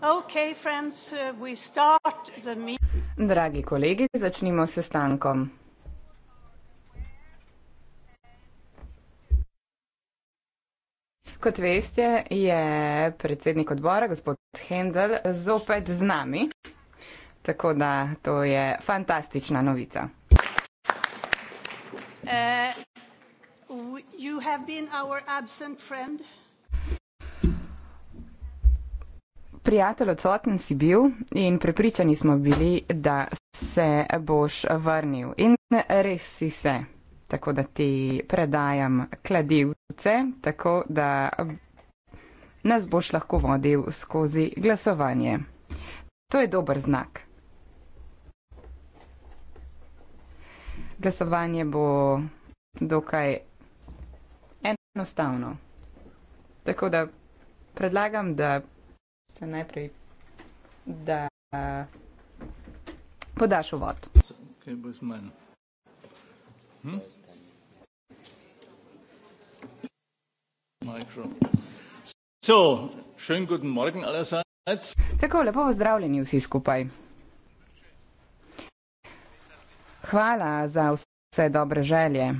Uh, Dragi kolegi, začnimo s sestankom. Kot veste, je predsednik odbora, gospod Hendel, zopet z nami. Tako da to je fantastična novica. Uh, you have been our absent friend. prijatelj odsoten si bil in prepričani smo bili, da se boš vrnil. In res si se. Tako da ti predajam kladivce, tako da nas boš lahko vodil skozi glasovanje. To je dober znak. Glasovanje bo dokaj enostavno. Tako da predlagam, da se najprej, da uh, podaš uvod. Kaj bo z menom? Hm? So, schönen guten Morgen allerseits. Tako, lepo pozdravljeni vsi skupaj. Hvala za vse dobre želje.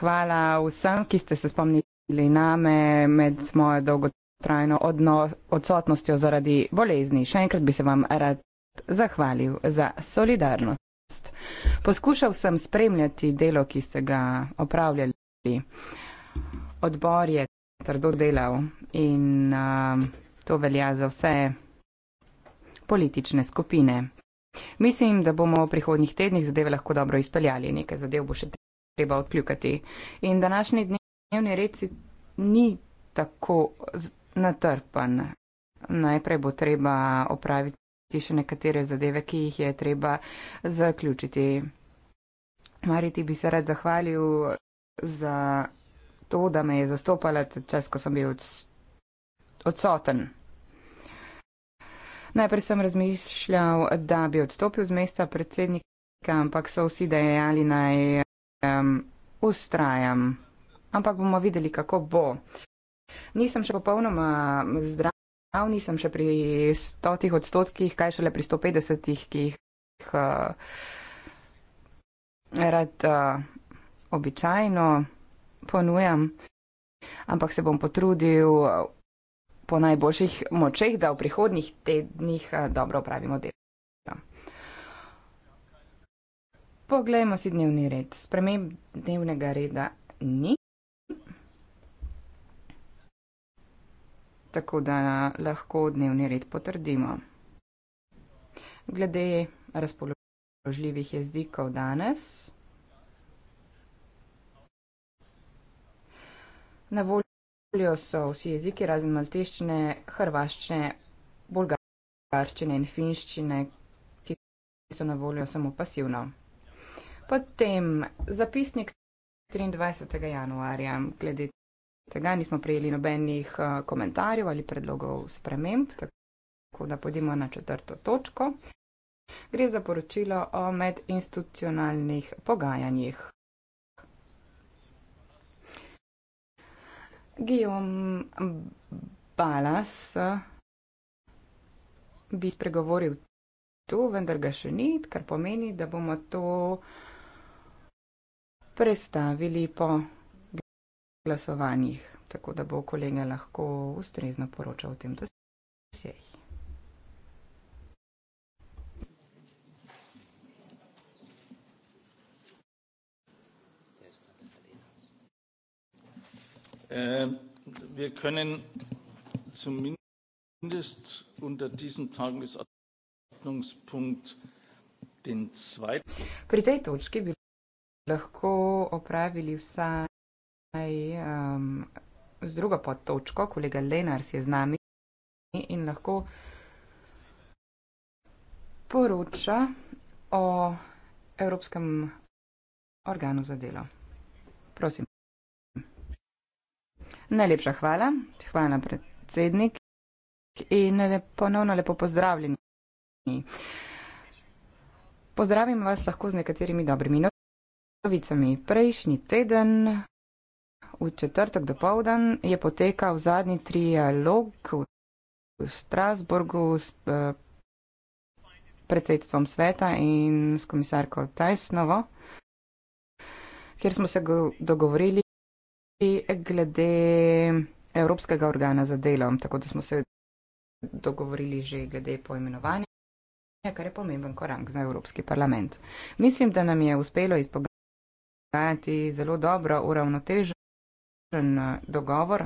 Hvala vsem, ki ste se spomnili name med mojo dolgo trajno odno, odsotnostjo zaradi bolezni. Še enkrat bi se vam rad zahvalil za solidarnost. Poskušal sem spremljati delo, ki ste ga opravljali. Odbor je trdo delal in uh, to velja za vse politične skupine. Mislim, da bomo v prihodnjih tednih zadeve lahko dobro izpeljali, nekaj zadev bo še treba odkljukati. In današnji dnevni red ni tako natrpan. Najprej bo treba opraviti še nekatere zadeve, ki jih je treba zaključiti. Mariti bi se rad zahvalil za to, da me je zastopala čas, ko sem bil odsoten. Najprej sem razmišljal, da bi odstopil z mesta predsednika, ampak so vsi dejali naj um, ustrajam. Ampak bomo videli, kako bo. Nisem še popolnoma mm, zdrav, nisem še pri stotih odstotkih, kaj šele pri 150, ki jih uh, rad uh, običajno ponujam, ampak se bom potrudil eh, po najboljših močeh, da v prihodnjih tednih dobro opravimo delo. Poglejmo si dnevni red. Sprememb dnevnega reda ni. tako da lahko dnevni red potrdimo. Glede razpoložljivih jezikov danes. Na voljo so vsi jeziki razen malteščine, hrvaščine, bolgarščine in finščine, ki so na voljo samo pasivno. Potem zapisnik 23. januarja glede tega nismo prijeli nobenih uh, komentarjev ali predlogov sprememb, tako da podimo na četrto točko. Gre za poročilo o medinstitucionalnih pogajanjih. Gijom Balas eh, bi spregovoril tu, vendar ga še ni, kar pomeni, da bomo to prestavili po glasovanjih, tako da bo kolega lahko ustrezno poročal o tem dosjeh. Ähm, wir können zumindest unter diesen Tagesordnungspunkt den zweiten. Pri tej točki bi lahko opravili vsaj Aj, um, z drugo podtočko, kolega Lenars je z nami in lahko poroča o Evropskem organu za delo. Prosim. Najlepša hvala. Hvala, predsednik. In ponovno lepo pozdravljeni. Pozdravim vas lahko z nekaterimi dobrimi novicami. Prejšnji teden v četrtek do povdan je potekal zadnji trialog v Strasburgu s eh, predsedstvom sveta in s komisarko Tajsnovo, kjer smo se dogovorili glede Evropskega organa za delo, tako da smo se dogovorili že glede poimenovanja, kar je pomemben korak za Evropski parlament. Mislim, da nam je uspelo izpogajati zelo dobro uravnotežen. Zaključen eh, dogovor,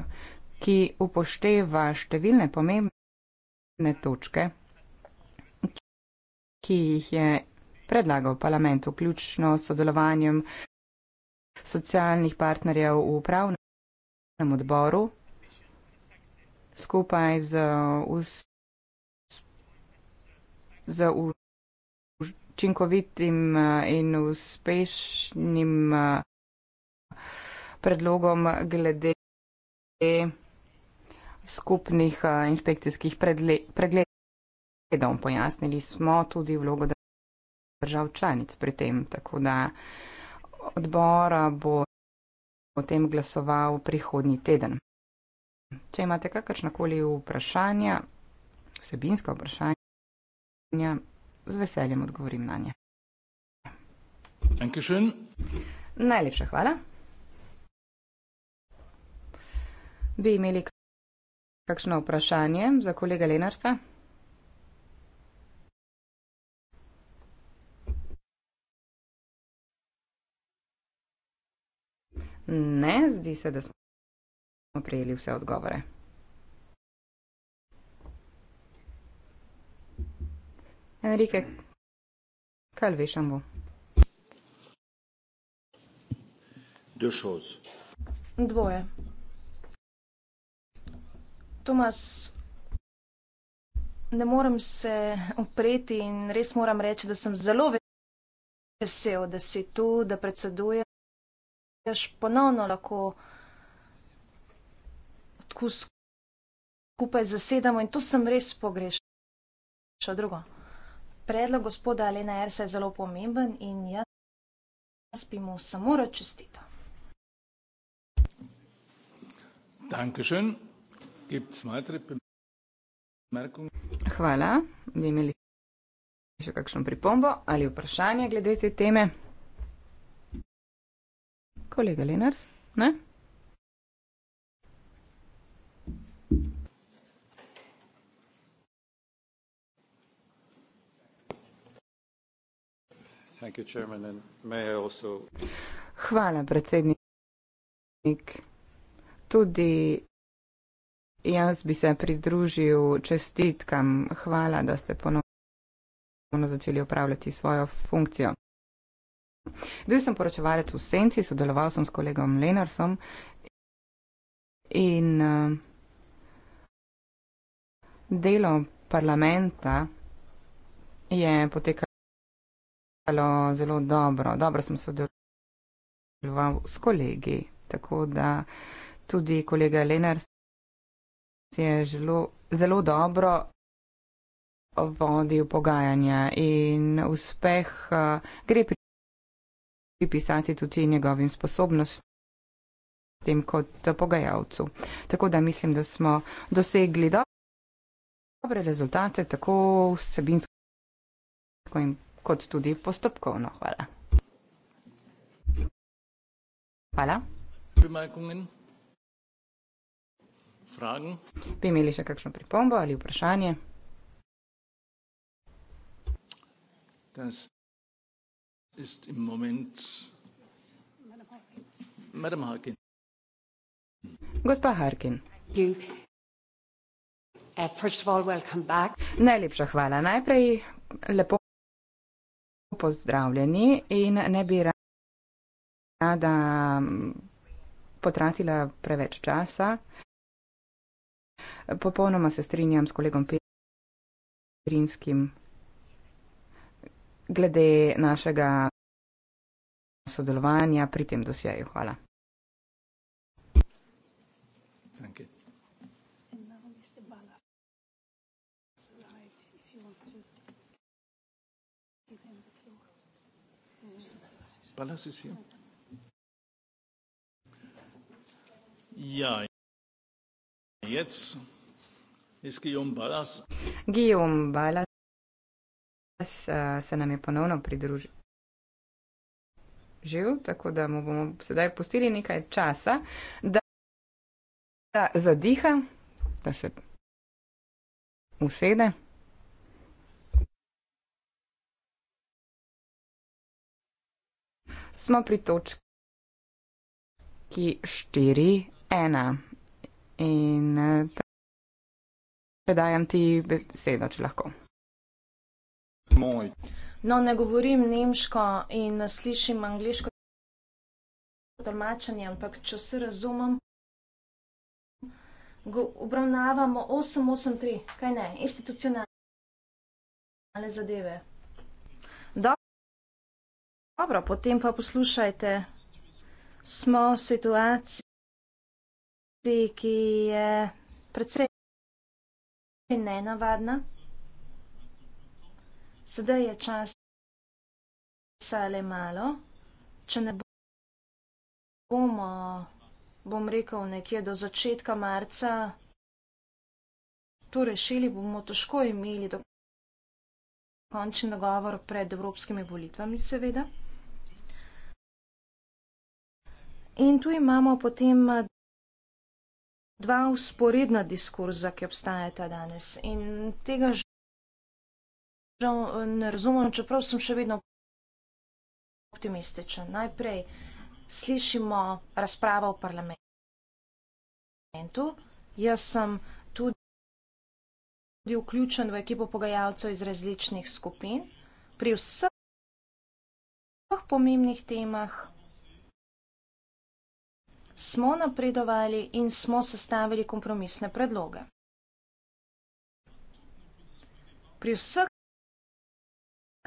ki upošteva številne pomembne točke, ki jih je predlagal parlament, vključno s sodelovanjem socialnih partnerjev v upravnem odboru, skupaj z, z učinkovitim eh, in uspešnim eh, predlogom glede skupnih eh, inšpekcijskih pregledov. Pojasnili smo tudi vlogo držav članic pri tem, tako da odbora bo o tem glasoval prihodnji teden. Če imate kakršnakoli vprašanja, vsebinska vprašanja, z veseljem odgovorim na nje. Najlepša hvala. Bi imeli kakšno vprašanje za kolega Lenarca? Ne, zdi se, da smo prijeli vse odgovore. Enrike, kaj veš, Ambo? Dve stvari. Dvoje. Tomas, ne morem se upreti in res moram reči, da sem zelo vesel, da si tu, da predseduješ. Ponovno lahko tako skupaj zasedamo in to sem res pogrešal. Drugo, predlog gospoda Alena Ersa je zelo pomemben in jaz bi mu samo rad čestito. Dankeschön. Hvala. Bi imeli še kakšno pripombo ali vprašanje glede te teme? Kolega Lenars, ne? Thank you, chairman, and may I also... Hvala, predsednik. Tudi Jaz bi se pridružil čestitkam. Hvala, da ste ponovno začeli upravljati svojo funkcijo. Bil sem poročevalec v Senci, sodeloval sem s kolegom Lenarsom in eh, delo parlamenta je potekalo zelo dobro. Dobro sem sodeloval s kolegi, tako da tudi kolega Lenars si je želo, zelo dobro vodil pogajanja in uspeh eh, gre pripisati tudi njegovim sposobnostim kot pogajalcu. Tako da mislim, da smo dosegli dobre rezultate, tako vsebinsko kot tudi postopkovno. Hvala. Hvala. Bemerkungen. Fragen. Bi imeli še kakšno pripombo ali vprašanje? Das ist im Moment. Madam Harkin. Gospa Harkin. Uh, first of all, welcome back. Najlepša hvala. Najprej lepo pozdravljeni in ne bi rada mm, potratila preveč časa. Popolnoma se strinjam s kolegom Pirinskim glede našega sodelovanja pri tem dosjeju. Hvala. Ja, jetzt. Jaz, Guillaume Balas. Guillaume Balas uh, se nam je ponovno pridružil. Živ, tako da mu bomo sedaj pustili nekaj časa, da, da zadiha, da se usede. Smo pri točki 4.1. In. Pre... Eh, Predajam ti besedo, če lahko. Moj. No, ne govorim nemško in slišim angliško tolmačenje, ampak če se razumem, go, obravnavamo 883, kaj ne, institucionalne zadeve. Dobro, potem pa poslušajte, smo v situaciji, ki je predvsej in nenavadna. Sedaj je čas sale malo. Če ne bomo, bom rekel, nekje do začetka marca to rešili, bomo težko imeli dokončen dogovor pred evropskimi volitvami, seveda. In tu imamo potem dva usporedna diskurza, ki obstajata danes. In tega žal ne razumem, čeprav sem še vedno optimističen. Najprej slišimo razpravo v parlamentu. Jaz sem tudi vključen v ekipo pogajalcev iz različnih skupin. Pri vseh pomembnih temah smo napredovali in smo sestavili kompromisne predloge. Pri vseh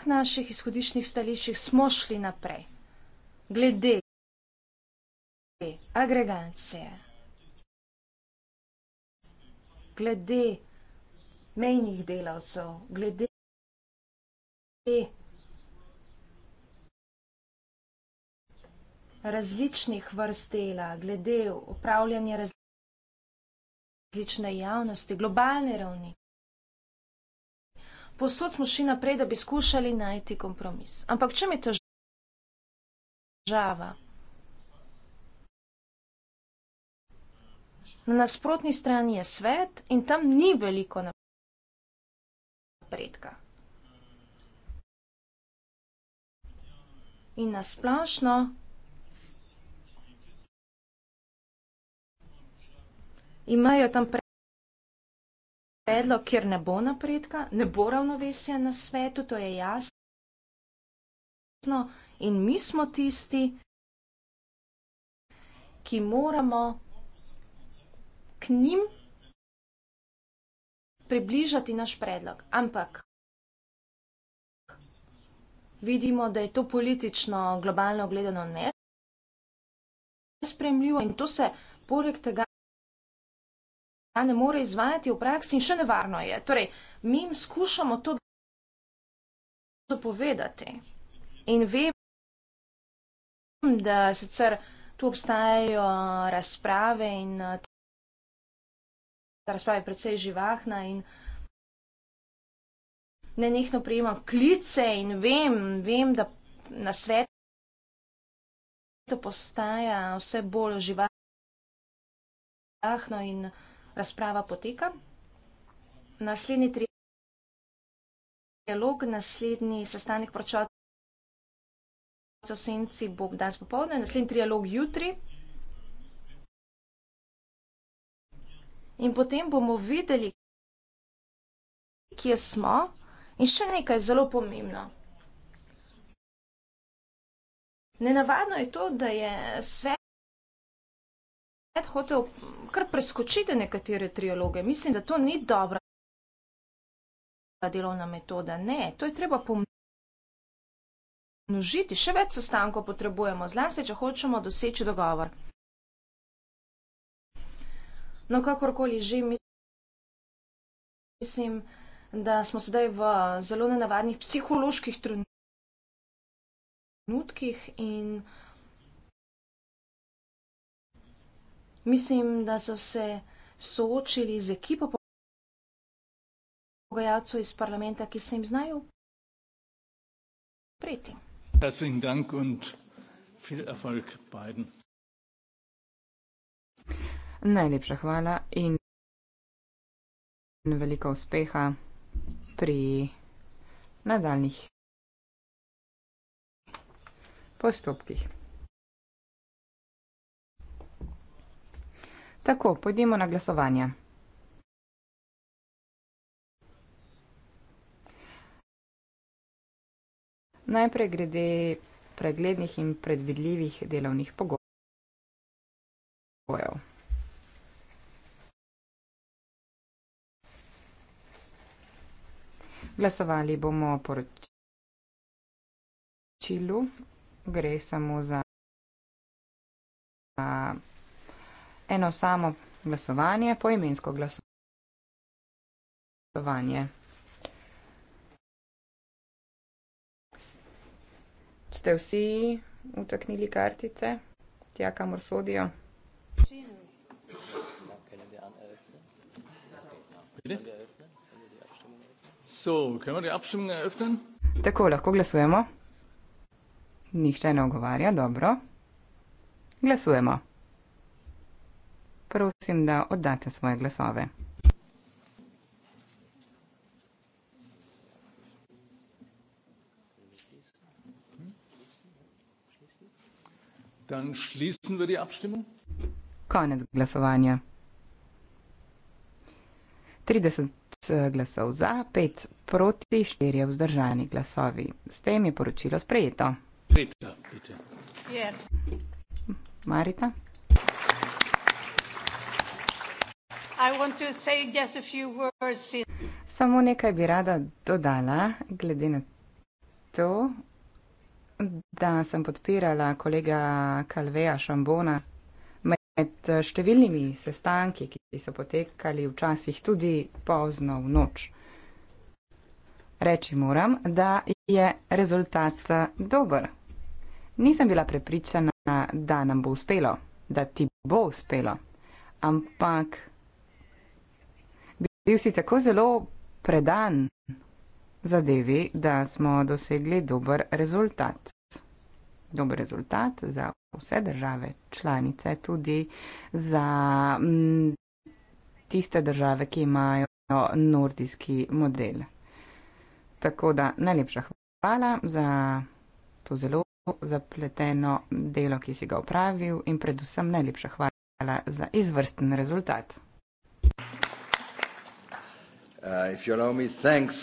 naših izhodiščnih stališčih smo šli naprej. Glede agregancije, glede mejnih delavcev, glede različnih vrst dela, glede upravljanja različne javnosti, globalne ravni. Posod smo šli naprej, da bi skušali najti kompromis. Ampak če mi to žava? Na nasprotni strani je svet in tam ni veliko napredka. In nasplošno imajo tam predlog, kjer ne bo napredka, ne bo ravnovesja na svetu, to je jasno. In mi smo tisti, ki moramo k njim približati naš predlog. Ampak vidimo, da je to politično, globalno gledano ne. Nespremljivo in to se poleg tega ne more izvajati v praksi in še nevarno je. Torej, mi jim skušamo to dopovedati in vem, da sicer tu obstajajo razprave in eh, ta razprava je precej živahna in ne nekno prijemam klice in vem, vem, da na svet to postaja vse bolj živahno in vse bolj živahno razprava poteka. Naslednji tri dialog, naslednji sestanek pročotov senci bo danes popovdne, naslednji trialog jutri. In potem bomo videli, kje smo. In še nekaj zelo pomembno. Nenavadno je to, da je svet bi hotel kar preskočiti nekatere trialoge. Mislim, da to ni dobra delovna metoda. Ne, to je treba pomnožiti. Še več sestankov potrebujemo, zlasti, če hočemo doseči dogovor. No, kakorkoli že, mislim, da smo sedaj v zelo nenavadnih psiholoških trenutkih in Mislim, da so se soočili z ekipo pogajalcev iz parlamenta, ki se jim znajo preti. Najlepša hvala in veliko uspeha pri nadaljnih postopkih. Tako, pojdimo na glasovanje. Najprej grede preglednih in predvidljivih delovnih pogojev. Glasovali bomo poročilu, gre samo za eno samo glasovanje, poimensko glasovanje. Ste vsi utaknili kartice, tja kamor sodijo? Tako, lahko glasujemo. Nihče ne ogovarja, dobro. Glasujemo prosim, da oddate svoje glasove. Konec glasovanja. 30 eh, glasov za, 5 proti, 4 vzdržani glasovi. S tem je poročilo sprejeto. Marita? Yes. Marita? Samo nekaj bi rada dodala, glede na to, da sem podpirala kolega Kalveja Šambona med številnimi sestanki, ki so potekali včasih tudi pozno v noč. Reči moram, da je rezultat eh, dober. Nisem bila prepričana, da nam bo uspelo, da ti bo uspelo, ampak Bil si tako zelo predan zadevi, da smo dosegli dober rezultat. Dober rezultat za vse države članice, tudi za m, mm, tiste države, ki imajo nordijski model. Tako da najlepša hvala za to zelo zapleteno delo, ki si ga upravil in predvsem najlepša hvala za izvrsten rezultat. Uh,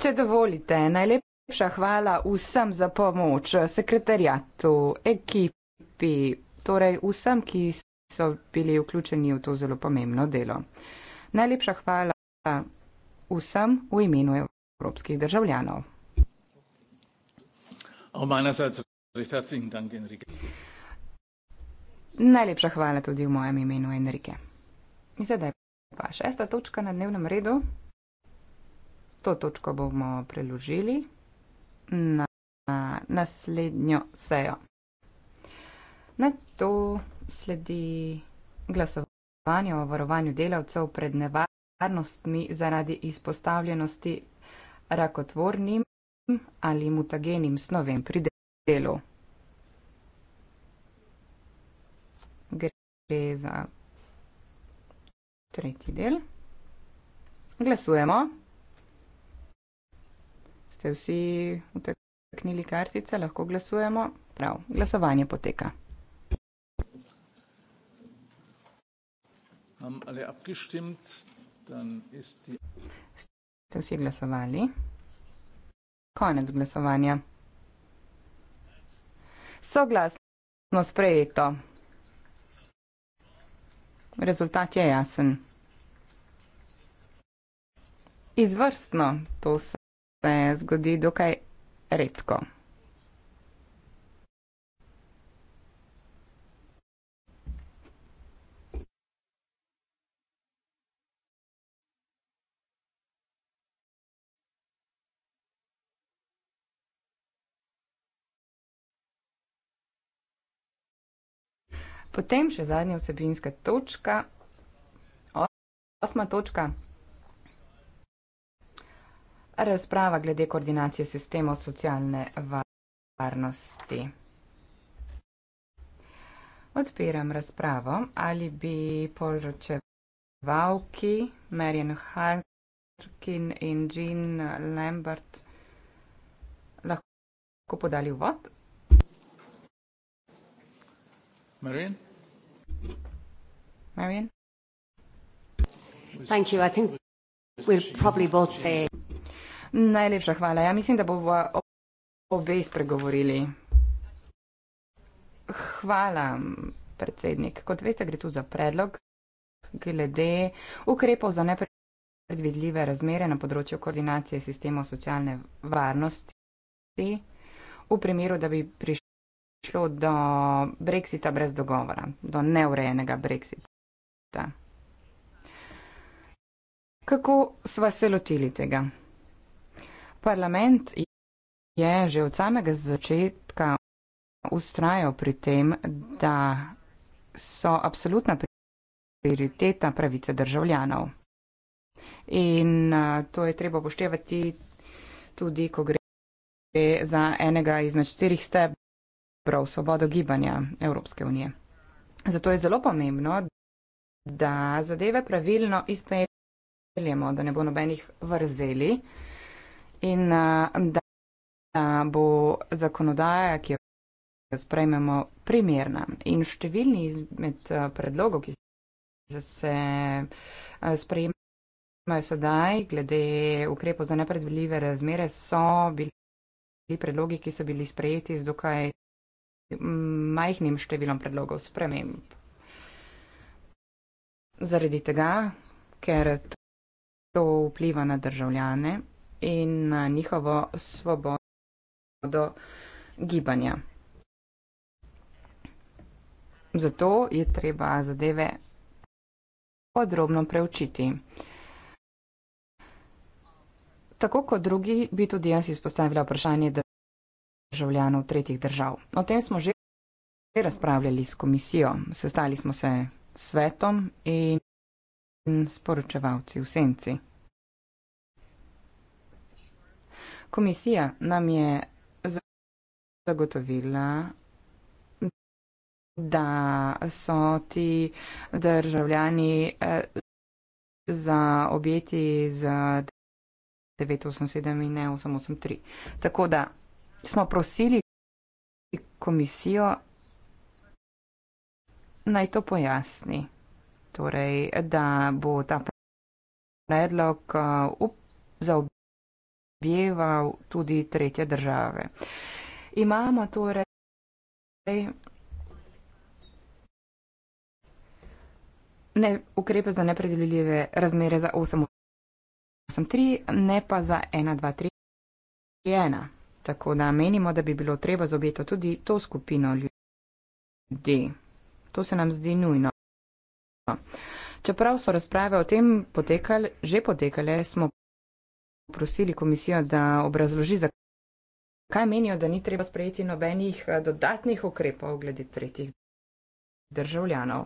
Če dovolite, najlepša hvala vsem za pomoč, sekretarjatu, ekipi, torej vsem, ki so bili vključeni v to zelo pomembno delo. Najlepša hvala vsem v imenu evropskih državljanov. Najlepša hvala tudi v mojem imenu, Enrike. Zdaj. Pa šesta točka na dnevnem redu. To točko bomo preložili na naslednjo sejo. Na to sledi glasovanje o varovanju delavcev pred nevarnostmi zaradi izpostavljenosti rakotvornim ali mutagenim snovem pri delu. Gre za tretji del. Glasujemo. Ste vsi vteknili kartice, lahko glasujemo. Prav, glasovanje poteka. Ste vsi glasovali? Konec glasovanja. Soglasno sprejeto rezultat je jasen. Izvrstno, to se zgodi dokaj redko. Potem še zadnja vsebinska točka. Osma točka. Razprava glede koordinacije sistemov socialne varnosti. Odpiram razpravo, ali bi poročevalki Marian Harkin in Jean Lambert lahko podali uvod. Marion? Marion? Thank you. I think we'll probably both say... Najlepša hvala. Ja mislim, da bo obe spregovorili. Hvala, predsednik. Kot veste, gre tu za predlog glede ukrepov za nepredvidljive razmere na področju koordinacije sistemov socialne varnosti v primeru, da bi prišli prišlo do brexita brez dogovora, do neurejenega brexita. Kako sva se lotili tega? Parlament je že od samega začetka ustrajal pri tem, da so apsolutna prioriteta pravice državljanov. In to je treba poštevati tudi, ko gre za enega izmed štirih stebrov prav svobodo gibanja Evropske unije. Zato je zelo pomembno, da zadeve pravilno izpeljemo, da ne bo nobenih vrzeli in da, da bo zakonodaja, ki jo sprejmemo, primerna. In številni izmed predlogov, ki se sprejemajo sedaj, glede ukrepov za nepredvidljive razmere, so bili predlogi, ki so bili sprejeti z dokaj majhnim številom predlogov sprememb. Zaradi tega, ker to vpliva na državljane in na njihovo svobodo gibanja. Zato je treba zadeve podrobno preučiti. Tako kot drugi, bi tudi jaz izpostavila vprašanje, da državljanov tretjih držav. O tem smo že razpravljali s komisijo, sestali smo se s svetom in s poročevalci v senci. Komisija nam je zagotovila, da so ti državljani eh, za objeti z 987 in ne 883. Tako da smo prosili komisijo, naj to pojasni. Torej, da bo ta predlog uh, zaobjeval tudi tretje države. Imamo torej ne, ukrepe za nepredeljive razmere za 8.3, ne pa za 1.2.3.1. Tako da menimo, da bi bilo treba zobeti tudi to skupino ljudi. To se nam zdi nujno. Čeprav so razprave o tem potekale, že potekale, smo prosili komisijo, da obrazloži, zakaj menijo, da ni treba sprejeti nobenih eh, dodatnih ukrepov glede tretjih državljanov.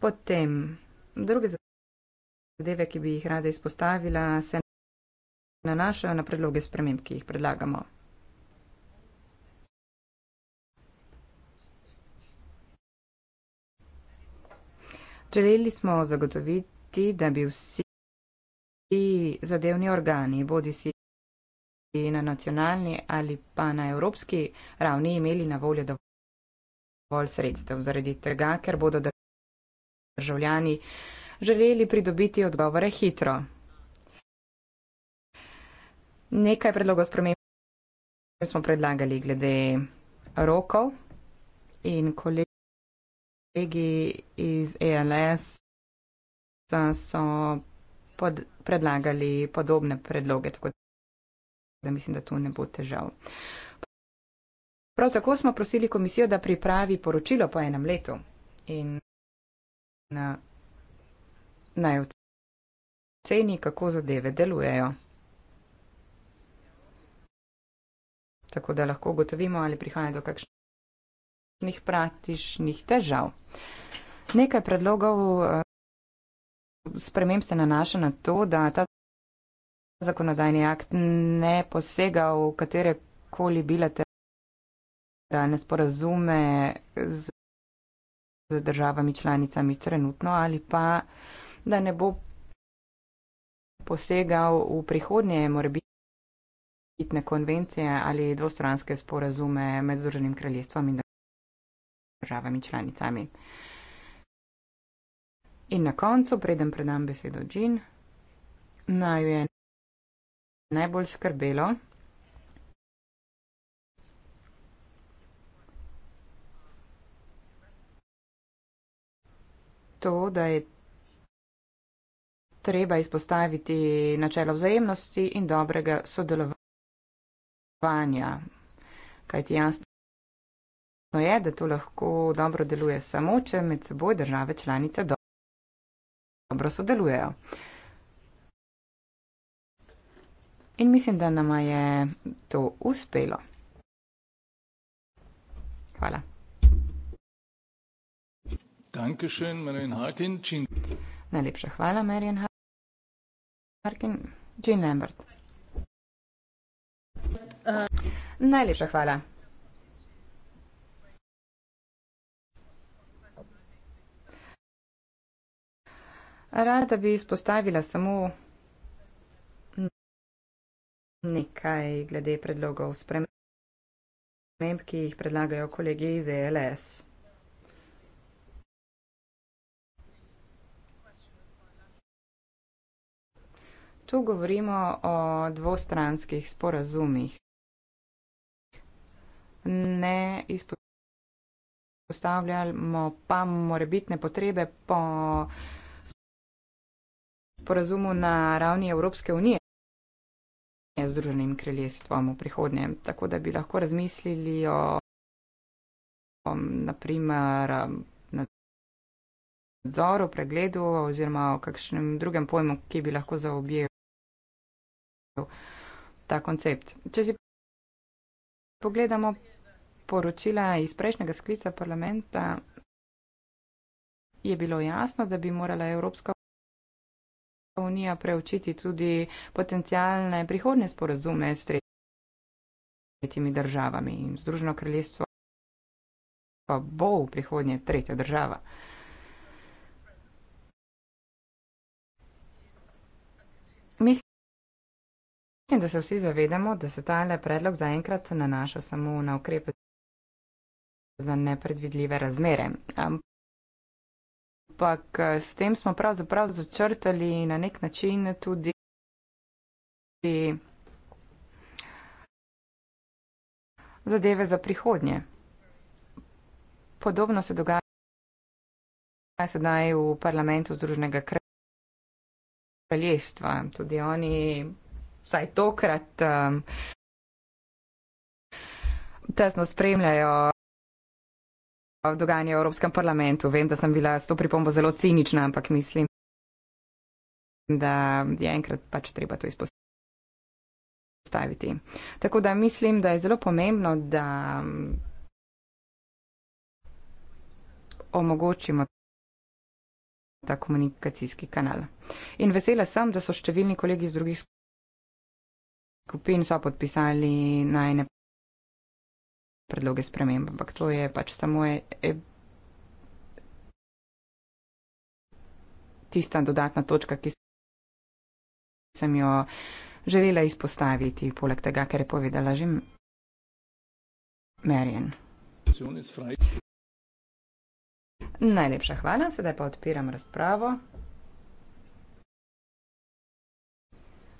Potem druge zakonodaje zadeve, ki bi jih rada izpostavila, se nanašajo na predloge sprememb, ki jih predlagamo. Želeli smo zagotoviti, da bi vsi zadevni organi, bodi si na nacionalni ali pa na evropski ravni, imeli na voljo dovolj sredstev. Zaradi tega, ker bodo državljani želeli pridobiti odgovore hitro. Nekaj predlogov sprememb smo predlagali glede rokov in kolegi iz ELS so pod, predlagali podobne predloge, tako da mislim, da tu ne bo težav. Prav tako smo prosili komisijo, da pripravi poročilo po enem letu in eh, naj oceni, kako zadeve delujejo. Tako da lahko gotovimo, ali prihaja do kakšnih praktičnih težav. Nekaj predlogov eh, sprememb se nanaša na to, da ta zakonodajni akt ne posega v katerekoli bilateralne sporazume z državami članicami trenutno ali pa da ne bo posegal v prihodnje morbitne konvencije ali dvostranske sporazume med Združenim kraljestvom in državami članicami. In na koncu, preden predam besedo Džin, naj je najbolj skrbelo, To, da je treba izpostaviti načelo vzajemnosti in dobrega sodelovanja. Kaj ti jasno je, da to lahko dobro deluje samo, če med seboj države članice dobro sodelujejo. In mislim, da nama je to uspelo. Hvala. Dankeschön, Marian Harkin. Najlepša hvala, Marian Harkin. Markin Jean Lambert. Najlepša hvala. Rada bi izpostavila samo nekaj glede predlogov sprememb, ki jih predlagajo kolegi iz ELS. tu govorimo o dvostranskih sporazumih. Ne izpostavljamo pa morebitne potrebe po sporazumu na ravni Evropske unije z Združenim kraljestvom v prihodnje. Tako da bi lahko razmislili o, o naprimer nadzoru, pregledu oziroma o kakšnem drugem pojmu, ki bi lahko zaobjel ta koncept. Če si pogledamo poročila iz prejšnjega sklica parlamenta, je bilo jasno, da bi morala Evropska unija preučiti tudi potencijalne prihodne sporazume s tretjimi državami in Združeno kraljestvo pa bo v prihodnje tretja država. In da se vsi zavedamo, da se tale predlog zaenkrat nanaša samo na ukrepe za nepredvidljive razmere. Ampak eh, s tem smo pravzaprav začrtali na nek način tudi zadeve za prihodnje. Podobno se dogaja sedaj v parlamentu Združenega kraljestva. Tudi oni vsaj tokrat um, tesno spremljajo dogajanje v Evropskem parlamentu. Vem, da sem bila s to pripombo zelo cinična, ampak mislim, da je enkrat pač treba to izpostaviti. Staviti. Tako da mislim, da je zelo pomembno, da omogočimo ta komunikacijski kanal. In vesela sem, da so številni kolegi iz drugih skupin skupin so podpisali najne predloge sprememb, ampak to je pač samo je, je tista dodatna točka, ki sem jo želela izpostaviti, poleg tega, ker je povedala že Merjen. Najlepša hvala, sedaj pa odpiram razpravo.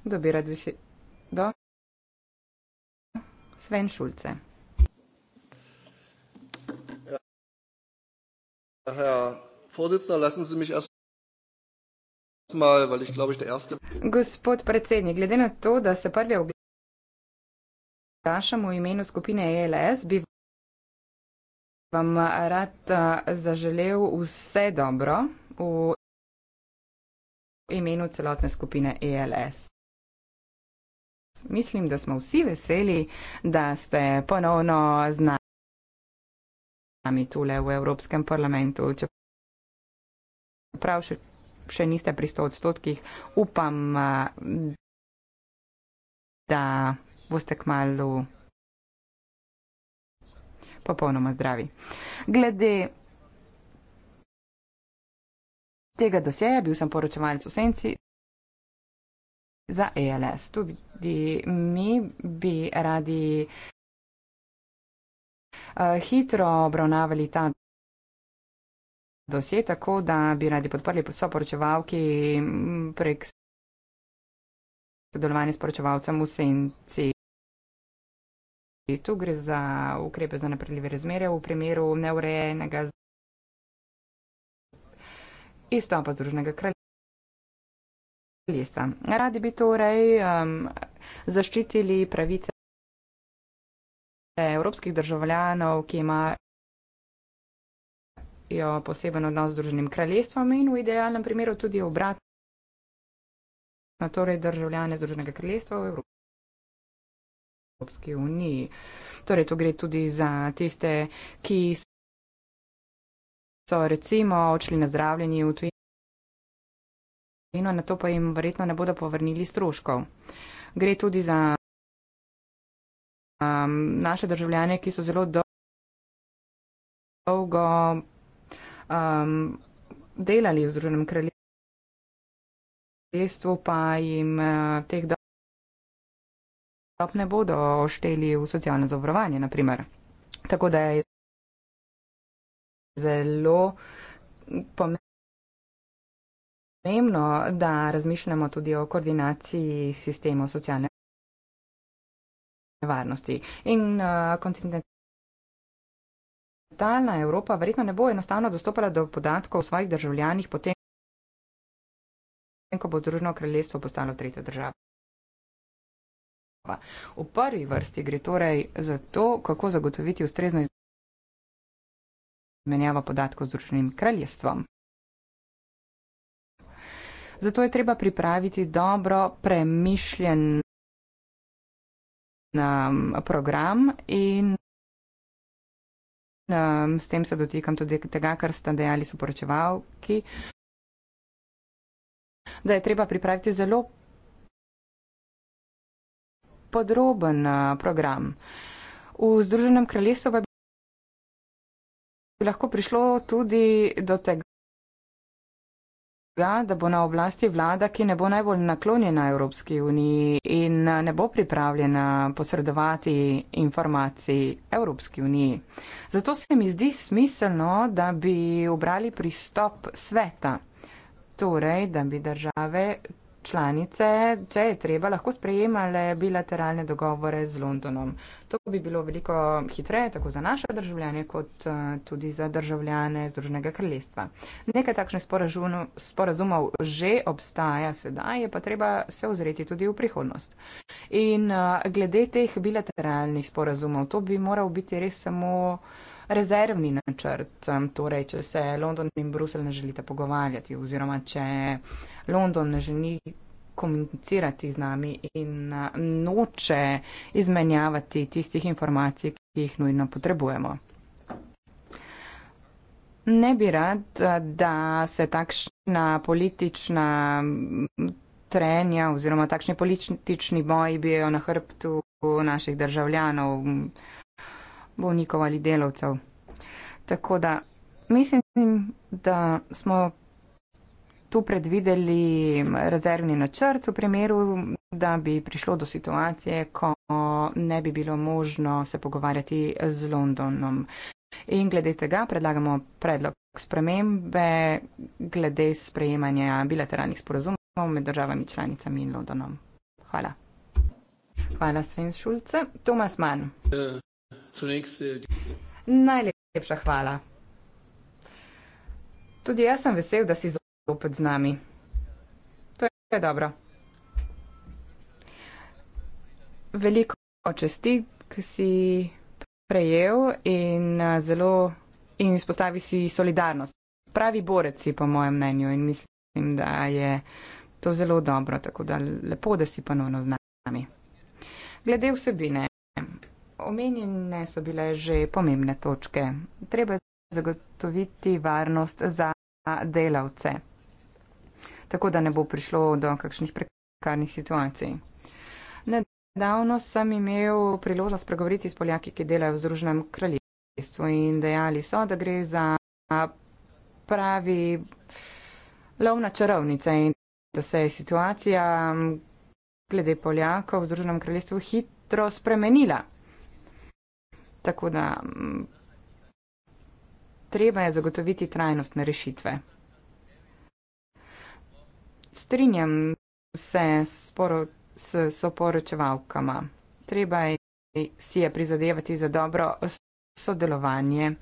Dobirati besedo do Sven Schulze. Ja, Herr Vorsitzender, lassen Sie mich erst mal, weil ich glaube, ich der erste. Gospod predsednik, glede na to, da se prvi oglašamo v imenu skupine ELS, bi vam rad eh, zaželel vse dobro v imenu celotne skupine ELS. Mislim, da smo vsi veseli, da ste ponovno z nami tule v Evropskem parlamentu. Čeprav še, še niste pri 100 odstotkih, upam, da boste kmalo popolnoma zdravi. Glede tega dosjeja, bil sem poročevalec v senci za ALS. Tudi mi bi radi hitro obravnavali ta dosje, tako da bi radi podprli soporočevalki prek sodelovanja s poročevalcem v senci. Tu gre za ukrepe za napredljive razmere v primeru neurejenega izstopa združnega kralja kolesa. Radi bi torej um, zaščitili pravice evropskih državljanov, ki imajo poseben odnos z druženim kraljestvom in v idealnem primeru tudi obratno, torej državljane združenega kraljestva v Evropi. Evropski uniji. Torej, to gre tudi za tiste, ki so recimo odšli na zdravljenje v tujini in na to pa jim verjetno ne bodo povrnili stroškov. Gre tudi za um, naše državljane, ki so zelo dolgo um, delali v Združenem kraljestvu, pa jim uh, teh dob ne bodo ošteli v socialno zavarovanje, naprimer. Tako da je zelo pomembno pomembno, da razmišljamo tudi o koordinaciji sistemov socialne varnosti. In uh, kontinentalna Evropa verjetno ne bo enostavno dostopala do podatkov o svojih državljanih potem, ko bo Združeno kraljestvo postalo tretja država. V prvi vrsti gre torej za to, kako zagotoviti ustrezno izmenjavo podatkov z Združenim kraljestvom. Zato je treba pripraviti dobro premišljen um, program in um, s tem se dotikam tudi tega, kar ste dejali soporočevalki, da je treba pripraviti zelo podroben uh, program. V Združenem kraljestvu bi lahko prišlo tudi do tega, tega, da bo na oblasti vlada, ki ne bo najbolj naklonjena Evropski uniji in eh, ne bo pripravljena posredovati informacij Evropski uniji. Zato se mi zdi smiselno, da bi obrali pristop sveta, torej da bi države članice, če je treba, lahko sprejemale bilateralne dogovore z Londonom. To bi bilo veliko hitreje, tako za naše državljane, kot eh, tudi za državljane Združenega kraljestva. Nekaj takšnih sporazumov že obstaja sedaj, je pa treba se ozreti tudi v prihodnost. In eh, glede teh bilateralnih sporazumov, to bi moral biti res samo rezervni načrt, torej če se London in Bruselj ne želite pogovarjati oziroma če London ne želi komunicirati z nami in noče izmenjavati tistih informacij, ki jih nujno potrebujemo. Ne bi rad, da se takšna politična trenja oziroma takšni politični boji bijo na hrbtu naših državljanov bolnikov ali delavcev. Tako da mislim, da smo tu predvideli rezervni načrt v primeru, da bi prišlo do situacije, ko ne bi bilo možno se pogovarjati z Londonom. In glede tega predlagamo predlog spremembe glede sprejemanja bilateralnih sporozumov med državami članicami in Londonom. Hvala. Hvala, Sven Šulce. Tomas Mann. Uh. Äh, Najlepša hvala. Tudi jaz sem vesel, da si zopet z nami. To je dobro. Veliko čestitk si prejel in äh, zelo in izpostavil si solidarnost. Pravi borec si, po mojem mnenju, in mislim, da je to zelo dobro, tako da lepo, da si ponovno z nami. Glede vsebine. Omenjene so bile že pomembne točke. Treba je zagotoviti varnost za delavce, tako da ne bo prišlo do kakšnih prekarnih situacij. Nedavno sem imel priložnost pregovoriti s Poljaki, ki delajo v Združenem kraljestvu in dejali so, da gre za pravi lovna čarovnica in da se je situacija glede Poljakov v Združenem kraljestvu hitro spremenila. Tako da mm, treba je zagotoviti trajnostne rešitve. Strinjam se s, poro, s soporočevalkama. Treba je si je prizadevati za dobro sodelovanje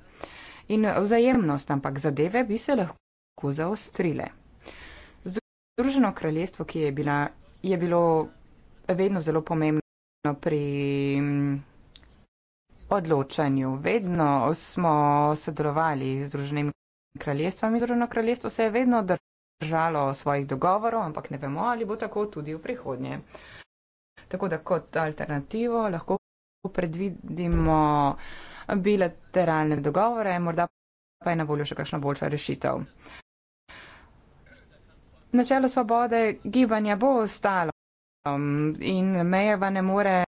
in vzajemnost, ampak zadeve bi se lahko zaostrile. Združeno kraljestvo, ki je, bila, je bilo vedno zelo pomembno pri mm, odločanju. Vedno smo sodelovali z Združenim kraljestvom in Združeno kraljestvo se je vedno držalo svojih dogovorov, ampak ne vemo, ali bo tako tudi v prihodnje. Tako da kot alternativo lahko predvidimo bilateralne dogovore, morda pa je na voljo še kakšna boljša rešitev. Načelo svobode gibanja bo ostalo um, in mejeva ne more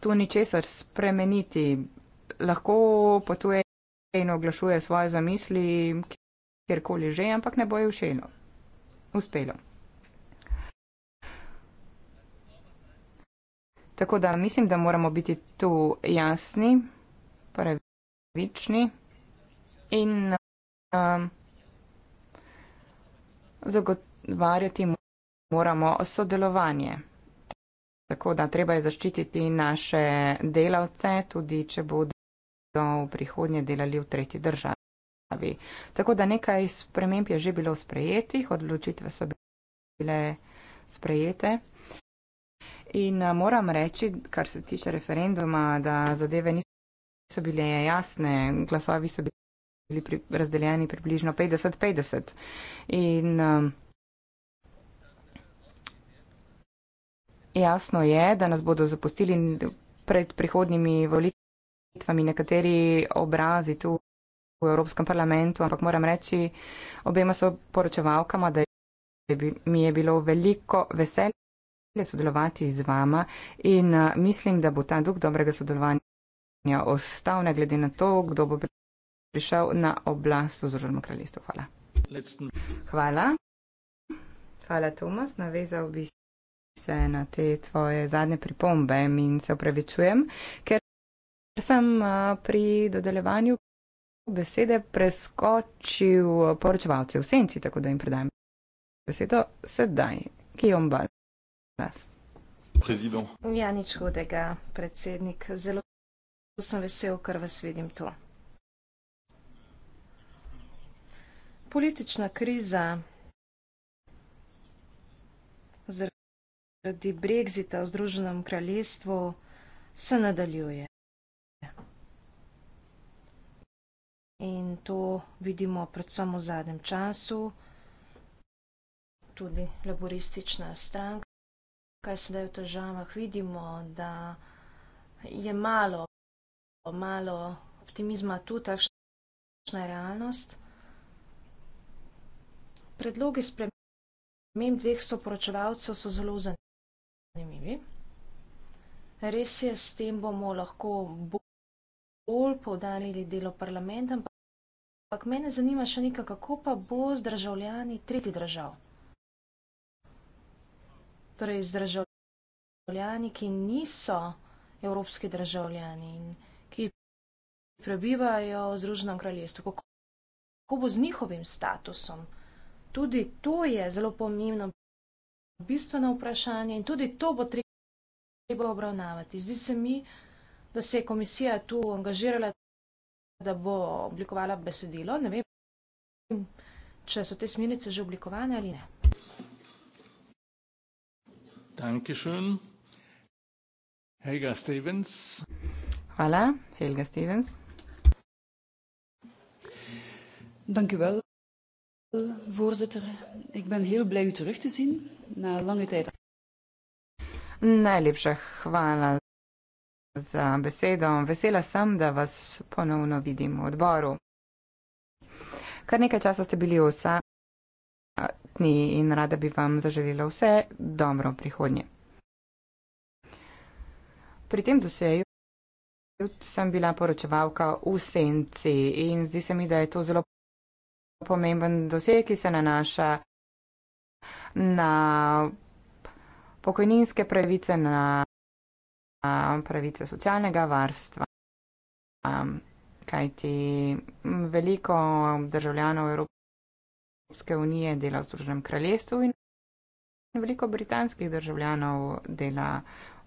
tu ničesar spremeniti. Lahko potuje in oglašuje svoje zamisli, kjerkoli že, ampak ne boje všeljno. Uspelo. Tako da mislim, da moramo biti tu jasni, pravični in um, zagovarjati moramo sodelovanje. Tako da treba je zaščititi naše delavce, tudi če bodo v prihodnje delali v tretji državi. Tako da nekaj sprememb je že bilo sprejetih, odločitve so bile sprejete. In eh, moram reči, kar se tiče referenduma, da zadeve niso bile jasne, glasovi so bili razdeljeni približno 50-50. jasno je, da nas bodo zapustili pred prihodnimi volitvami nekateri obrazi tu v Evropskem parlamentu, ampak moram reči obema so poročevalkama, da je, mi je bilo veliko veselje sodelovati z vama in mislim, da bo ta duh dobrega sodelovanja ostal, ne glede na to, kdo bo prišel na oblast v Združenem kraljestvu. Hvala. Hvala. Hvala, Tomas, navezal bi se se na te tvoje zadnje pripombe in se opravičujem, ker sem pri dodeljevanju besede preskočil poročevalce v senci, tako da jim predajem besedo sedaj, ki jo bal nas. Ja, nič hudega, predsednik. Zelo sem vesel, ker vas vidim tu. Politična kriza zaradi brexita v Združenem kraljestvu se nadaljuje. In to vidimo predvsem v zadnjem času. Tudi laboristična stranka, kaj se da je v težavah, vidimo, da je malo, malo optimizma tu, takšna je realnost. Predlogi sprememb dveh soporočevalcev so zelo zanimivi zanimivi. Res je, s tem bomo lahko bolj povdarili delo parlamenta, ampak mene zanima še nekaj, kako pa bo z državljani tretji držav. Torej, z državljani, ki niso evropski državljani in ki prebivajo v Združenem kraljestvu, kako bo z njihovim statusom. Tudi to je zelo pomembno bistveno vprašanje in tudi to bo treba obravnavati. Zdi se mi, da se je komisija tu angažirala, da bo oblikovala besedilo. Ne vem, če so te smernice že oblikovane ali ne. Dankeschön. Helga Stevens. Hvala, Helga Stevens. Dankjewel, voorzitter. Ik ben heel blij u terug te zien na lange tijd. Najlepša hvala za besedo. Vesela sem, da vas ponovno vidim v odboru. Kar nekaj časa ste bili vsa tni in rada bi vam zaželela vse dobro prihodnje. Pri tem doseju sem bila poročevalka v senci in zdi se mi, da je to zelo pomemben dosej, ki se nanaša na pokojninske pravice, na pravice socialnega varstva. Kajti veliko državljanov Evropske unije dela v Združenem kraljestvu in veliko britanskih državljanov dela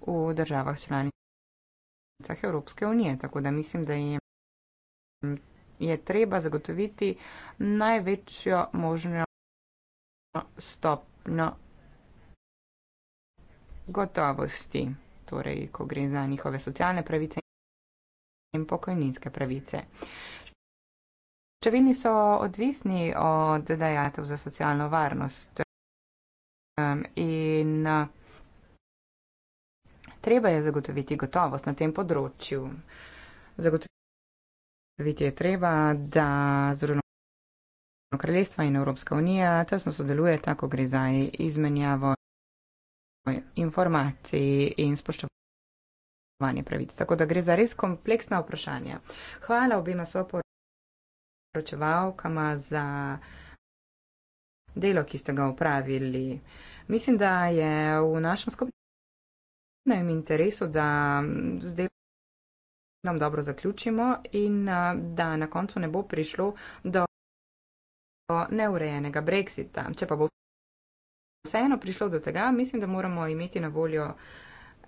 v državah članicah Evropske unije. Tako da mislim, da jim je treba zagotoviti največjo možno stop No, gotovosti, torej, ko gre za njihove socialne pravice in pokojninske pravice. Številni so odvisni od dajatev za socialno varnost um, in treba je zagotoviti gotovost na tem področju. Zagotoviti je treba, da zelo Združeno kraljestvo in Evropska unija tesno sodeluje, tako gre za izmenjavo informacij in spoštovanje pravic. Tako da gre za res kompleksna vprašanja. Hvala obima soporočevalkama za delo, ki ste ga upravili. Mislim, da je v našem skupnem interesu, da zdaj nam dobro zaključimo in da na koncu ne bo prišlo do neurejenega brexita. Če pa bo vseeno prišlo do tega, mislim, da moramo imeti na voljo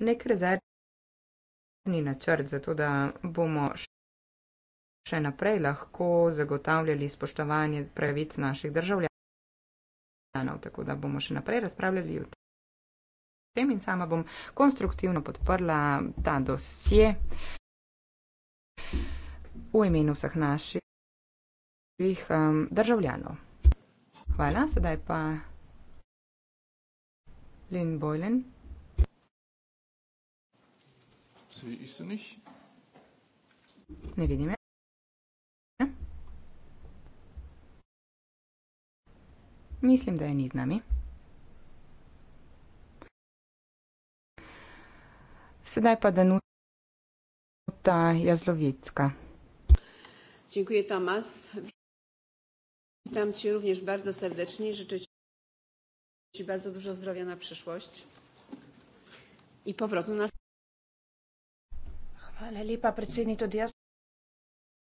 nek rezervni načrt, zato da bomo še naprej lahko zagotavljali spoštovanje pravic naših državljanov. Tako da bomo še naprej razpravljali o tem in sama bom konstruktivno podprla ta dosje v imenu vseh naših drugih um, državljanov. Hvala, sedaj pa Lynn Boylan. Ne vidim je. Mislim, da je ni z nami. Sedaj pa Danuta Jazlovicka. Dziękuję, Tomasz witam Cię również bardzo serdecznie. Życzę Ci bardzo dużo zdrowia na przyszłość i powrotu na. Hvala lepa, predsednik, tudi jaz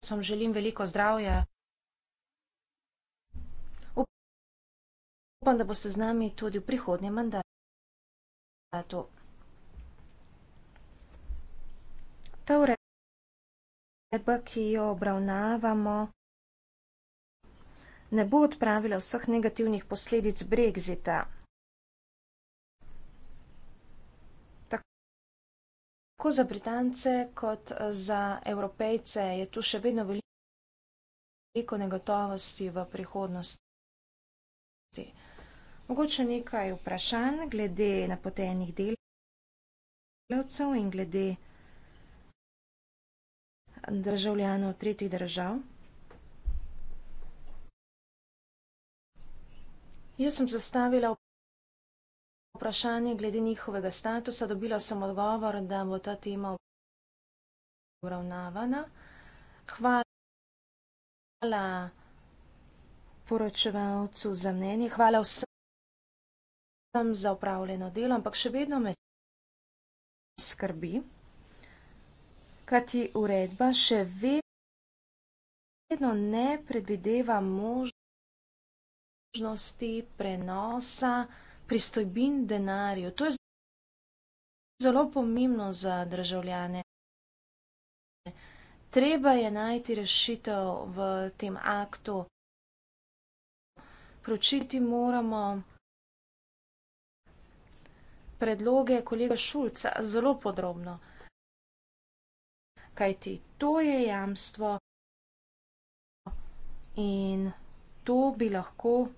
vam želim veliko zdravja. Upam, da boste z nami tudi v prihodnjem mandatu. Ta uredba, ki jo obravnavamo, ne bo odpravila vseh negativnih posledic brexita. Tako za Britance kot eh, za Evropejce je tu še vedno veliko negotovosti v prihodnosti. Mogoče nekaj vprašanj glede napotenih delavcev in glede državljanov tretjih držav. Jaz sem zastavila vprašanje glede njihovega statusa, dobila sem odgovor, da bo ta tema uravnavana. Hvala poročevalcu za mnenje, hvala vsem za upravljeno delo, ampak še vedno me skrbi, kajti uredba še vedno ne predvideva možnost, možnosti prenosa pristojbin denarju. To je zelo pomembno za državljane. Treba je najti rešitev v tem aktu. Pročiti moramo predloge kolega Šulca zelo podrobno. Kajti to je jamstvo in to bi lahko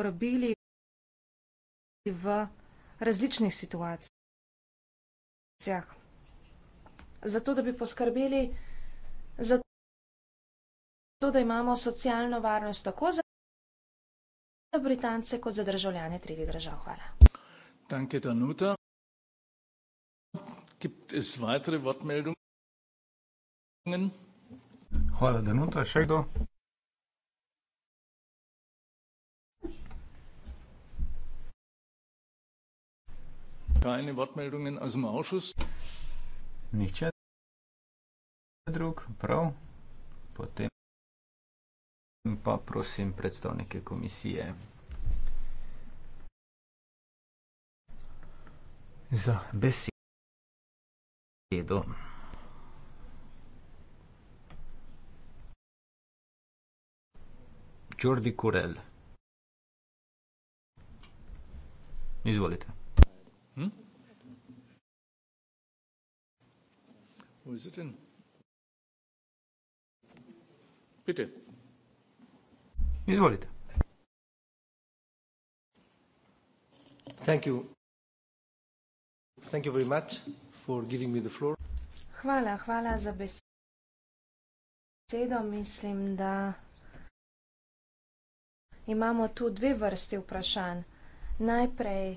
uporabili v različnih situacijah. Zato, da bi poskrbeli za to, da imamo socialno varnost tako za Britance kot za državljane tretjih držav. Hvala. Danke, Danuta. Gibt es weitere Wortmeldungen? Hvala, Danuta. Še kdo? Keine Wortmeldungen aus dem Ausschuss. Nicht schon. Druk, prav. Potem pa prosim predstavnike komisije. Za besedo. Jordi Kurel. Izvolite. Hmm? Who is it in? Peter. Izvolite. Thank you. Thank you very much for giving me the floor. Hvala, hvala za besedo. Mislim, da imamo tu dve vrsti vprašanj. Najprej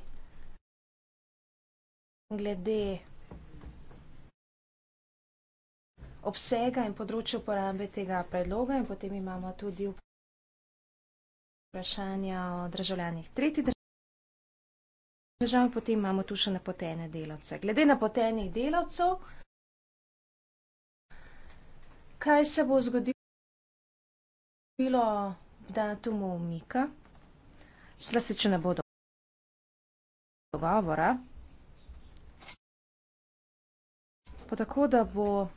glede obsega in področja uporabe tega predloga in potem imamo tudi vprašanja o državljanih tretji držav in potem imamo tu še napotene delavce. Glede napotenih delavcev, kaj se bo zgodilo v datumu umika, sla se, če ne bodo dogovora, pa tako, da bo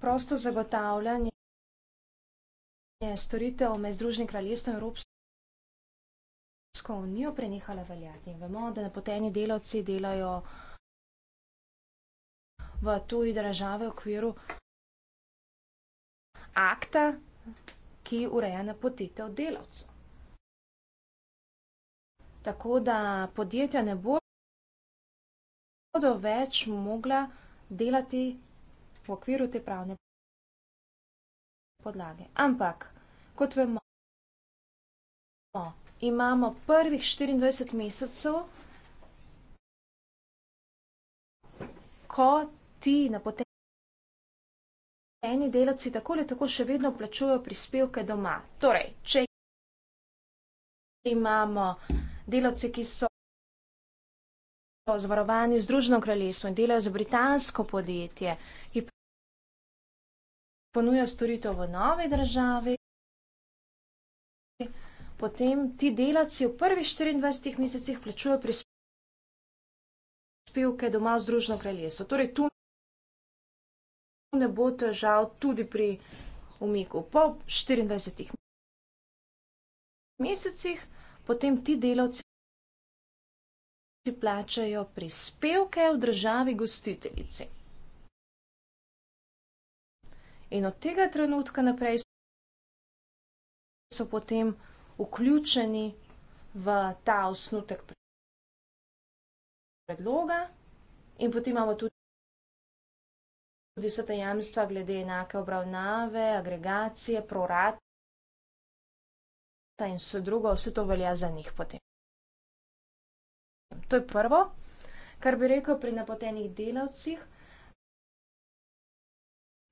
prosto zagotavljanje storitev med Združenim kraljestvom in Evropsko unijo prenehala veljati. Vemo, da napoteni delavci delajo v tuji državi v okviru akta, ki ureja napotitev delavcev. Tako da podjetja ne bo bodo več mogla delati v okviru te pravne podlage. Ampak, kot vemo, imamo prvih 24 mesecev, ko ti napoteni delavci tako ali tako še vedno plačujo prispevke doma. Torej, če imamo delavce, ki so o zavarovanju z družno kraljestvo in delajo za britansko podjetje, ki ponuja storitev v novi državi, potem ti delavci v prvih 24 mesecih plačujejo prispevke doma v združno kraljestvo. Torej, tu ne bo težav tudi pri umiku. Po 24 mesecih potem ti delavci si plačajo prispevke v državi gostiteljici. In od tega trenutka naprej so potem vključeni v ta osnutek predloga in potem imamo tudi tudi vse te jamstva glede enake obravnave, agregacije, prorata in vse drugo, vse to velja za njih potem to je prvo, kar bi rekel pri napotenih delavcih.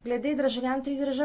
Glede državljan tri države.